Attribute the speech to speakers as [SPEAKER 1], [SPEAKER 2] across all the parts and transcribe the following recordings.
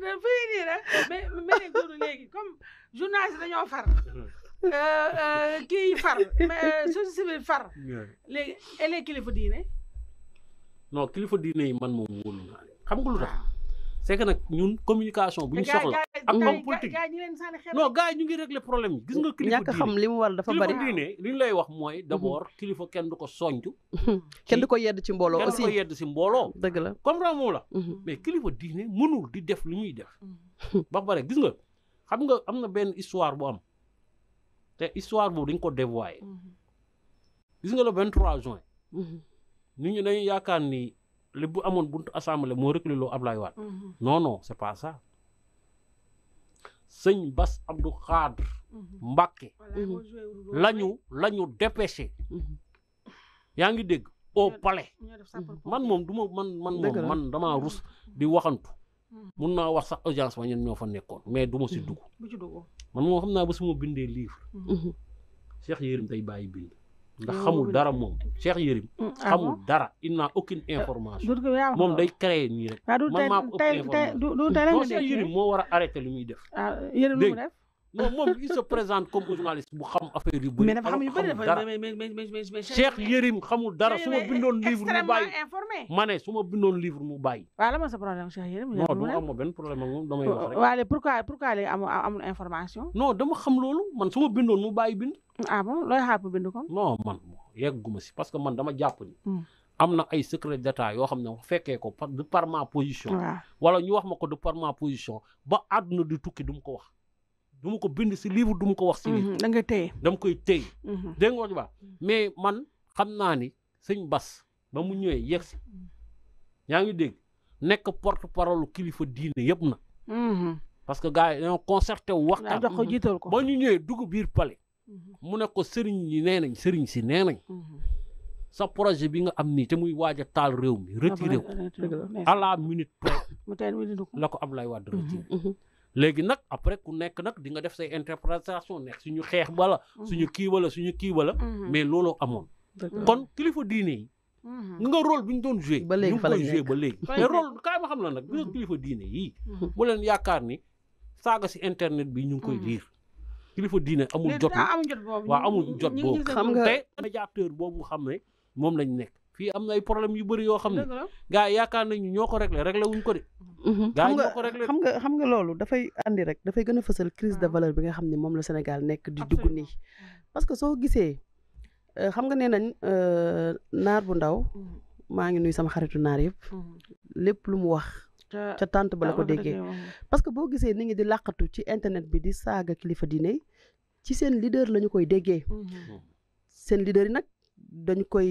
[SPEAKER 1] da fay nii rek mais mais góor léegi comme journaliste dañoo far euh, euh, kii far société civile far léegi elee kilifa diine non kilifa diine yi man moom wóolu naa xam nga lu tax ah. c'est nag ñun communication bu ñu soxla ak homme politique non gars yi ñu ngi régler problème yi gis nga kilifa ñàkk xam li mu war dafa bari kilifa diine li ñu lay wax mooy mhm. d' abord kilifa kenn du ko soñju kenn du ko yedd ci mbooloo aussi kenn du yedd ci mbooloo dëgg la comprendre moom la mhm. mais kilifa diine mënul di def lu ñuy def mhm. ba pare gis nga xam nga am na benn histoire bu am te histoire boobu dañ ko dévoyé gis nga le 23 juin nit ñi dañuy yaakaar ni li bu amoon buntu assemblée moo reculé loo Ablaye Wade non non c' est pas ça sëñ Bass Abdou Khadre mhm. Mbacké mhm. lañu lañu dépêché mhm. yaa ngi dégg au palais man moom duma man man man dama rus di waxantu mun naa wax sax audience ma ñun ñoo fa nekkoon mais du ma si dugg man moom xam naa ba su ma bindee livre Cheikh Yérim day bàyyi bind ndax xamul dara moom Cheikh Yérim mm, ah xamul dara il n'a aucune information moom day créer nii rek ah, man maa ko ëpp information non Cheikh Yérim moo a arrêter li muy def ah, non moom il se présente comme journaliste bu xam affaire yu bëri. mais xam yu bëri dafa mais Yérim xamul dara su ma bindoon livre mu bàyyi ma ne su ma bindoon livre mu bàyyi. waaw la ma sa problème Cheikh Yérim. non du ma am benn problème ak xam loolu man su ma bindoon mu bàyyi bind. ah bon looy xaar pour bind kon. non man yegguma si parce que man dama jàpp hmm. am na ay secret d'état yoo xam ne bu fekkee ko de par ma position. wala ñu wax ma ko de par ma position ba àdduna di d ma ko wax du ma ko bind si livre du ma ko wax si livre. Mhm, da nga téye dama koy téye. Mhm. dégg nga wax ba mais man xam naa ni sëñ Bas ba mu ñëwee yegg si yaa ngi dégg nekk porte parole kilifa diine yëpp na. Mhm. parce que gars yi dañoo concerté waxtaan. jox ko jiital ko ba ñu ñëwee dugg biir palais. mu nekk ko sëriñ yi nee nañ sëriñ si nee nañ. sa projet bi nga am nii te muy waaja a taal réew mi retiré ah ko. à la la ko lay Wade retiré. léegi nag après ku nekk nag di nga def say interprétation nekk suñu xeex bala mhm. suñu kii wala suñu kii wala mhm. mais looloo amoon kon kilifa diine yi mhm. nga rôle bi ñu doon joué ñu ngi koy ba léegi mais rôle kaay ma xam la nag bi kilifa diine yii bu leen yaakaar ni saaga si internet bi ñu ngi koy liir kilifa diine amul jot waaw amul jot boobu xam nga médiateur boobu xam ne moom lañ nekk fii am na ay problème yu bëri yoo xam ne. gaa yaakaar nañu ñoo ko réglé réglé wuñ
[SPEAKER 2] ko de. Mhm. gaa ñoo ko réglé xam nga xam nga loolu dafay andi rek dafay gën a fësal crise de ah. valeur bi nga xam ne moom la Sénégal nekk di dugg nii. parce que soo gisee euh, xam nga nee nañ euh, naar bu ndaw. Mhm. maa ngi nuy sama xaritu naar yëpp. Mhm. lépp lu mu wax. ca tànt ba la ko déggee parce que boo gisee ni ngi di làqatu ci internet bi di saaga kilifa diine ci seen leader la ñu koy déggee. seen leader yi nag dañu koy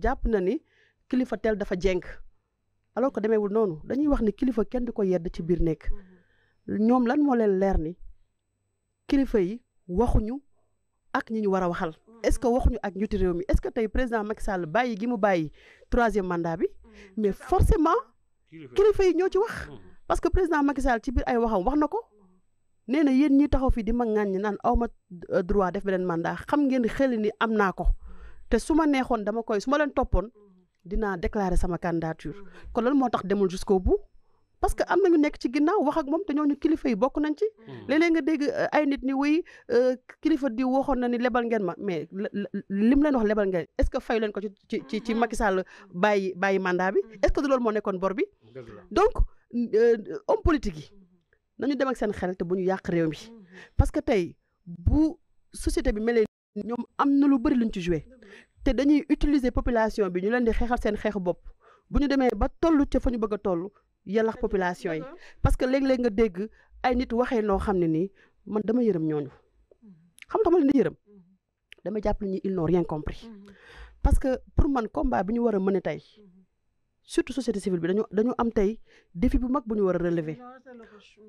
[SPEAKER 2] jàpp na ni kilifa tel dafa jenk alors que demeewul noonu dañuy wax ni kilifa kenn di ko yedd ci biir nekk mm-hmm. ñoom lan moo leen leer ni kilifa yi waxuñu ak ñi ñu war a waxal mm-hmm. est-ce que waxuñu ak njiitu réew mi est-ce que tey président Macky Sall bàyyi gi mu bàyyi troisième mandat bi mm-hmm. mais forcément kilifa yi ñoo ci wax parce que président Macky ci biir ay waxam wax na ko nee na yéen ñi taxaw fii di ma ŋàññi naan awma droit def beneen mandat xam ngeen xel ni am naa ko te su ma neexoon dama koy su ma leen toppoon mm-hmm. dinaa déclarer sama candidature mm-hmm. kon lan moo tax demul jusqu'au bu parce que am na ñu nekk ci ginnaaw wax ak moom te ñoo ñooñu kilifa yi bokk nañ ci. Mm-hmm. léeg nga dégg eh, ay nit ni wuy euh, kilifa di waxoon na ni lebal ngeen ma mais lim leen wax lebal ngeen est-ce que fayu leen ko ci ci ci ci Macky Sall bàyyi bàyyi mandat bi est-ce que du loolu moo nekkoon bor bi. donc euh, homme politique yi nañu dem ak seen xel te bu ñu yàq réew mi parce que tey bu société bi mel ñoom am na lu bëri ñu ci joué. té dañuy utiliser population bi ñu leen di xéxal seen xéx bop bu ñu demee ba tollu ci fañu bëgg tollu yalla population yi parce que lég lég nga dégg ay nit waxé no xamni ni man dama yërëm ñooñu xam nga ma leen di yërëm dama japp ni ñi ils n'ont rien compris mm-hmm. parce que pour man combat bi ñu wara a tay mm-hmm. surtout société civile bi dañu dañu am tay défi bu mag bu ñu war relever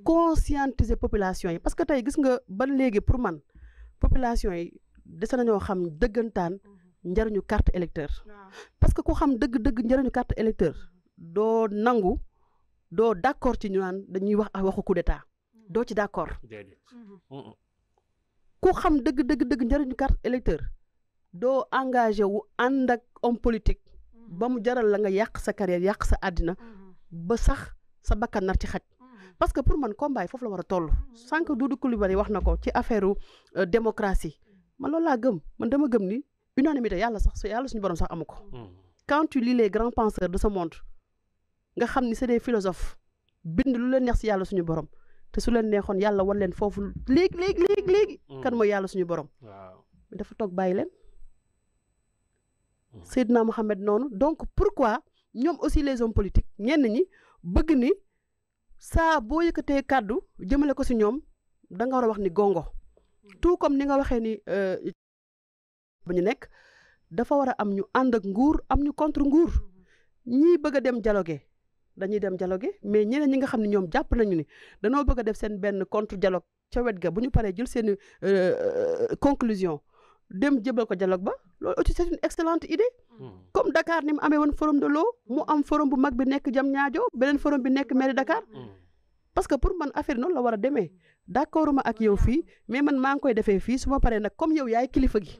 [SPEAKER 2] conscientiser population yi parce que tay gis nga ba légui pour man population yi dese nañoo xam dëggantaan mm-hmm. njarñu carte électeur parce que ku xam deug deug njarñu carte électeur do nangu do d'accord ci ñu nan dañuy wax waxu coup d'état mm-hmm. do ci d'accord
[SPEAKER 1] mm-hmm.
[SPEAKER 2] ku xam deug deug deug njarñu carte électeur do engagé wu and ak homme politique mm-hmm. ba mu jaral la nga yàq sa carrière pas sa purman ba sax sa bakkan nar ci xat parce que pour man combat foofu la wara toll sank doudou wax ci affaireu euh, démocratie man la gëm man dama gëm ni unanimité yalla sax su yàlla suñu borom sax amuko hmm. quand tu lis les grands penseurs de ce monde nga xamni c'est des philosophes bind lu leen neex ci yalla suñu borom te su leen neexoon yalla wal leen fofu léegi léegi léegi léegi. Hmm. kan mo yalla suñu borom. waaw dafa tok bàyyi leen. Hmm. Seydina Mohamed non. donc pourquoi ñom aussi les hommes politiques ñen ñi bëgg ni saa bo yëkëté kàddu jëmele ko ci ñom da nga wax ni gongo tout comme ni nga waxé ni. Euh, bu ñu nekk dafa war a am ñu ànd ak nguur am ñu contre nguur ñii bëgg dem dialogue dañuy dem dialogue mais ñeneen ñi nga xam ne ñoom jàpp nañu ni danoo bëgg def seen benn contre dialogue ca wet ga bu ñu paree jël seen euh, euh, conclusion dem jëbal ko dialogue ba loolu aussi c'est une excellente idée. Hmm. comme Dakar ni mu amee woon forum de l'eau mu am forom bu mag bi nekk ñaajo beneen forom bi nekk mairie Dakar. Hmm. parce que pour man affaire noon la war a demee a ak yow fii mais man ngi koy defee fii su ma paree nag comme yow yaay kilifa gi.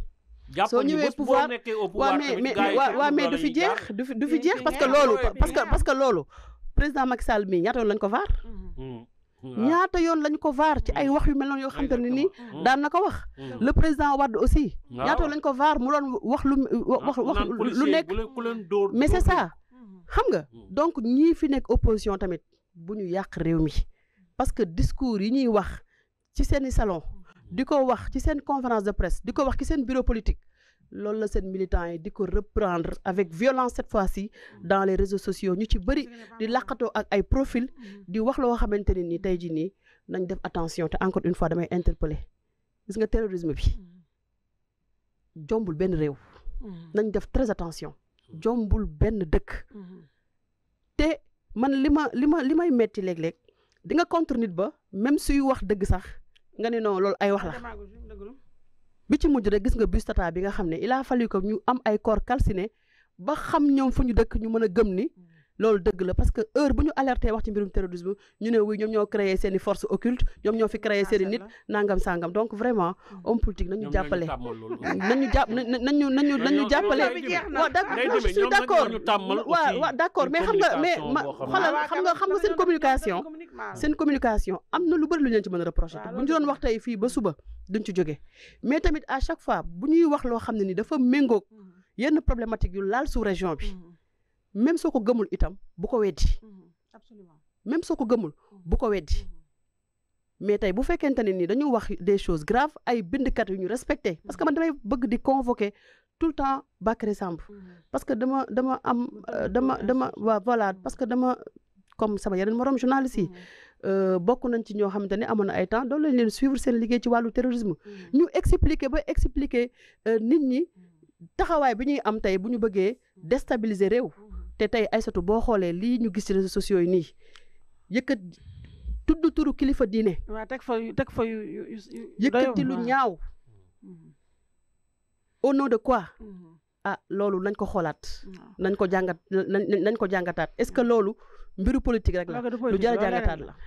[SPEAKER 1] soo ñëwee pouvoir waaw mais mais waaw mais du fi jeex du fi jeex parce que lolu parce que
[SPEAKER 2] parce que lolu président Macky Sall mi ñaata yoon lañ ko vaar hmm. Hmm. ñaata yoon lañ ko vaar ci ay hmm. wax yu mel non yo xam te daan nako wax le président Wade aussi ñaata lañ ko vaar mu doon wax lu wax wax ah, lu nek mais c'est ça xam nga donc ñi fi nek opposition tamit buñu yaq yàq réew mi parce que discours yi ñi wax ci seeni salon diko wax ci sen conférence de presse diko wax ci sen bureau politique loolu la sen militants yi diko reprendre avec violence cette fois-ci dans les réseaux sociaux ñu ci bëri di laqato ak ay profil di wax lo xamanteni ni tayji ni nañ def attention te encore une fois damay interpellé gis nga terrorisme bi jombul ben rew nañ def très attention jombul ben dëkk te man lima lima limay metti léeg-léeg di nga contre nit ba même suy wax deug sax nga ne non loolu ay wax la bi ci mujj rek gis nga bus tata bi nga xamné il a fallu que ñu am ay corps calciné ba xam ñom fu ñu dëkk ñu mëna gëm ni loolu dëgg la parce que heure bu ñu alerté wax ci mbirum terrorisme ñu né wuy ñom ñoo créer seen force occulte ñom ñoo fi créer seen nit nangam sangam donc vraiment hmm. homme politique nañu jàppale nañu jàpp nañu nañu nañu jàppale waaw je d'accord mais xam nga mais ah, xam nga xam nga seen communication seen communication am na lu bëri lu ñu leen ci mën a reproché bu ñu doon wax tey fii ba suba duñ ci jógee mais tamit à chaque fois bu ñuy wax loo xam ne ni dafa méngoog mm-hmm. yenn problématique yu laal sous région bi mm-hmm. même soo ko gëmul itam bu ko weddi mm-hmm. absolument même soo ko gëmul bu ko weddi mais tey bu fekkente ne ni dañu wax des choses graves ay bindkat yu ñu respecté parce que man damay bëgg di convoquer tout le temps Bakary Samb parce que dama dama am dama dama waa voilà parce que dama comme sama yeneen morom journaliste yi mm. euh, bokk nañ ci ñoo xamante ne amoon na ay temps doon lañ leen suivre seen liggéey ci wàllu terrorisme mm. ñu expliquer ba expliquer euh, nit ñi mm. taxawaay bi ñuy am tey bu ñu bëggee déstabiliser réew te tey Aïssatou boo xoolee lii ñu gis ci réseaux sociaux yi nii yëkkat tudd turu kilifa diine.
[SPEAKER 1] waaw teg fa teg fa yu yëkkati lu ñaaw.
[SPEAKER 2] au nom de quoi. ah loolu nañ ko xoolaat. nañ ko jàngat nañ ko jàngataat est-ce que loolu. mbiru politique rek la lu jar a la